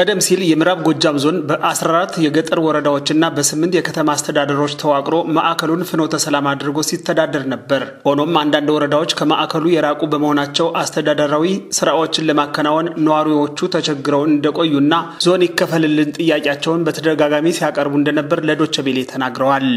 ቀደም ሲል የምዕራብ ጎጃም ዞን በ14 የገጠር ወረዳዎችና በስምንት የከተማ አስተዳደሮች ተዋቅሮ ማዕከሉን ፍኖተ ሰላም አድርጎ ሲተዳደር ነበር። ሆኖም አንዳንድ ወረዳዎች ከማዕከሉ የራቁ በመሆናቸው አስተዳደራዊ ስራዎችን ለማከናወን ነዋሪዎቹ ተቸግረው እንደቆዩና ዞን ይከፈልልን ጥያቄያቸውን በተደጋጋሚ ሲያቀርቡ እንደነበር ለዶቸ ቤሌ ተናግረዋል።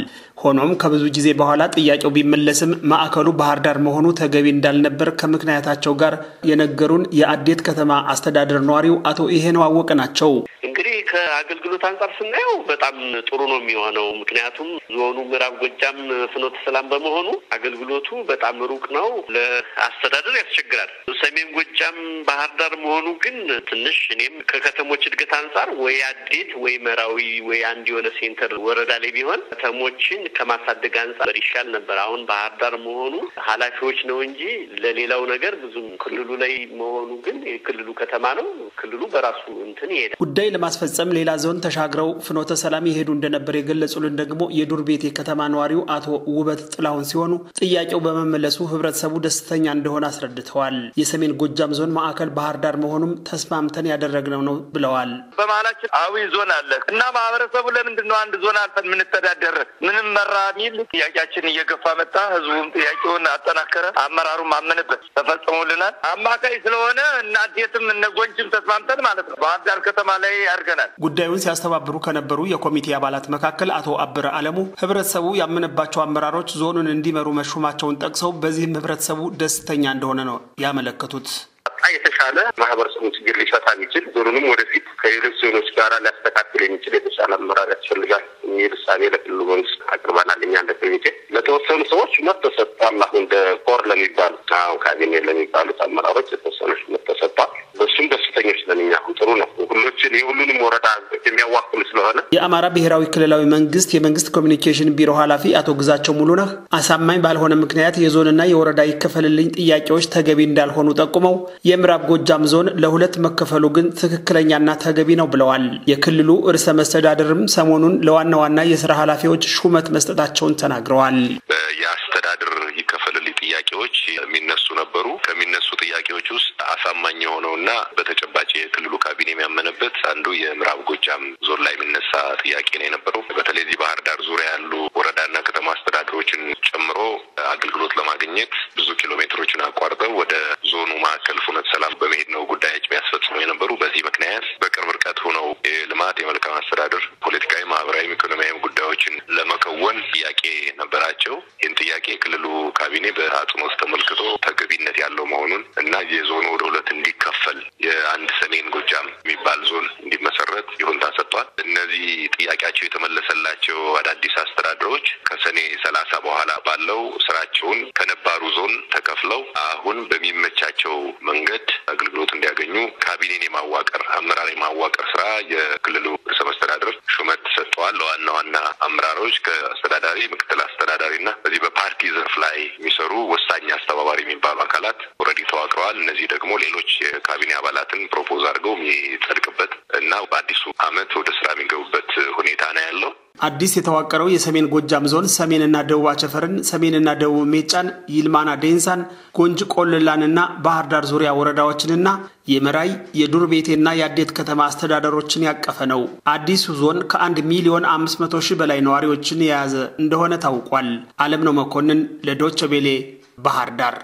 ሆኖም ከብዙ ጊዜ በኋላ ጥያቄው ቢመለስም ማዕከሉ ባህር ዳር መሆኑ ተገቢ እንዳልነበር ከምክንያታቸው ጋር የነገሩን የአዴት ከተማ አስተዳደር ነዋሪው አቶ ይሄነው አወቀ ናቸው። ናቸው። እንግዲህ ከአገልግሎት አንጻር ስናየው በጣም ጥሩ ነው የሚሆነው። ምክንያቱም ዞኑ ምዕራብ ጎጃም ፍኖተ ሰላም በመሆኑ አገልግሎቱ በጣም ሩቅ ነው፣ ለአስተዳደር ያስቸግራል። ሰሜን ጎጃም ባህር ዳር መሆኑ ግን ትንሽ እኔም ከከተሞች እድገት አንጻር ወይ አዴት ወይ መራዊ ወይ አንድ የሆነ ሴንተር ወረዳ ላይ ቢሆን ከተሞችን ከማሳደግ አንጻር ይሻል ነበር። አሁን ባህር ዳር መሆኑ ኃላፊዎች ነው እንጂ ለሌላው ነገር ብዙም ክልሉ ላይ መሆኑ ግን የክልሉ ከተማ ነው። ክልሉ በራሱ እንትን ይሄዳል ጉዳይ ለማስፈጸም ለመፈጸም ሌላ ዞን ተሻግረው ፍኖተ ሰላም የሄዱ እንደነበር የገለጹልን ደግሞ የዱር ቤት የከተማ ነዋሪው አቶ ውበት ጥላሁን ሲሆኑ ጥያቄው በመመለሱ ህብረተሰቡ ደስተኛ እንደሆነ አስረድተዋል። የሰሜን ጎጃም ዞን ማዕከል ባህር ዳር መሆኑም ተስማምተን ያደረግነው ነው ብለዋል። በመሀላችን አዊ ዞን አለ እና ማህበረሰቡ ለምንድን ነው አንድ ዞን አልፈን የምንተዳደር ምንም መራ ሚል ጥያቄያችን እየገፋ መጣ። ህዝቡም ጥያቄውን አጠናከረ፣ አመራሩም አመንበት፣ ተፈጽሞልናል። አማካይ ስለሆነ እናዴትም እነጎንችም ተስማምተን ማለት ነው ባህር ዳር ከተማ ላይ አድርገናል። ጉዳዩን ሲያስተባብሩ ከነበሩ የኮሚቴ አባላት መካከል አቶ አብረ አለሙ ህብረተሰቡ ያመነባቸው አመራሮች ዞኑን እንዲመሩ መሾማቸውን ጠቅሰው በዚህም ህብረተሰቡ ደስተኛ እንደሆነ ነው ያመለከቱት። የተሻለ ማህበረሰቡን ችግር ሊፈታ የሚችል ዞኑንም ወደፊት ከሌሎች ዞኖች ጋር ሊያስተካክል የሚችል የተሻለ አመራር ያስፈልጋል የሚል እሳቤ ለክልሉ መንግስት አቅርበናል። እኛ እንደ ኮሚቴ ለተወሰኑ ሰዎች መብት ተሰጥቷል። አሁን እንደ ኮር ለሚባሉት አሁን ካቢኔ ለሚባሉት አመራሮች የተወሰኑ የሁሉንም ወረዳ የሚያዋክሉ ስለሆነ የአማራ ብሔራዊ ክልላዊ መንግስት የመንግስት ኮሚኒኬሽን ቢሮ ኃላፊ አቶ ግዛቸው ሙሉነህ አሳማኝ ባልሆነ ምክንያት የዞንና የወረዳ ይከፈልልኝ ጥያቄዎች ተገቢ እንዳልሆኑ ጠቁመው የምዕራብ ጎጃም ዞን ለሁለት መከፈሉ ግን ትክክለኛና ተገቢ ነው ብለዋል። የክልሉ ርዕሰ መስተዳደርም ሰሞኑን ለዋና ዋና የስራ ኃላፊዎች ሹመት መስጠታቸውን ተናግረዋል። አሳማኝ የሆነው እና በተጨባጭ የክልሉ ካቢኔ የሚያመነበት አንዱ የምዕራብ ጎጃም ዞን ላይ የሚነሳ ጥያቄ ነው የነበረው። በተለይ እዚህ ባህር ዳር ዙሪያ ያሉ ወረዳና ከተማ አስተዳደሮችን ጨምሮ አገልግሎት ለማግኘት ብዙ ኪሎ ሜትሮችን አቋርጠው ወደ ዞኑ ማዕከል ፉነት ሰላም በመሄድ ነው ጉዳዮች የሚያስፈጽሙ የነበሩ። በዚህ ምክንያት በቅርብ ርቀት ሆነው የልማት የመልካም አስተዳደር ፖለቲካዊ፣ ማህበራዊ ኢኮኖሚያዊ ጉዳዮችን ለመከወን ጥያቄ ነበራቸው። ይህን ጥያቄ የክልሉ ካቢኔ በአጽንኦት ተመልክቶ ተገቢነት ያለው መሆኑን እና የዞ የተከፈተላቸው አዳዲስ አስተዳደሮች ከሰኔ ሰላሳ በኋላ ባለው ስራቸውን ከነባሩ ዞን ተከፍለው አሁን በሚመቻቸው መንገድ አገልግሎት እንዲያገኙ ካቢኔን የማዋቀር አመራር የማዋቀር ስራ የክልሉ ርዕሰ መስተዳድር ሹመት ተሰጥተዋል። ለዋና ዋና አመራሮች ከአስተዳዳሪ፣ ምክትል አስተዳዳሪ እና በዚህ በፓርቲ ዘርፍ ላይ የሚሰሩ ወሳኝ አስተባባሪ የሚባሉ አካላት ኦልሬዲ ተዋቅረዋል። እነዚህ ደግሞ ሌሎች የካቢኔ አባላትን ፕሮፖዝ አድርገው የሚጸድቅበት እና በአዲሱ አመት ወደ ስራ የሚገቡበት ሁኔታ አዲስ የተዋቀረው የሰሜን ጎጃም ዞን ሰሜንና ደቡብ አቸፈርን፣ ሰሜንና ደቡብ ሜጫን፣ ይልማና ዴንሳን፣ ጎንጅ ቆልላንና ባህር ዳር ዙሪያ ወረዳዎችንና የመራይ የዱር ቤቴና የአዴት ከተማ አስተዳደሮችን ያቀፈ ነው። አዲሱ ዞን ከአንድ ሚሊዮን አምስት መቶ ሺህ በላይ ነዋሪዎችን የያዘ እንደሆነ ታውቋል። አለም ነው መኮንን ለዶቸ ቤሌ ባህር ዳር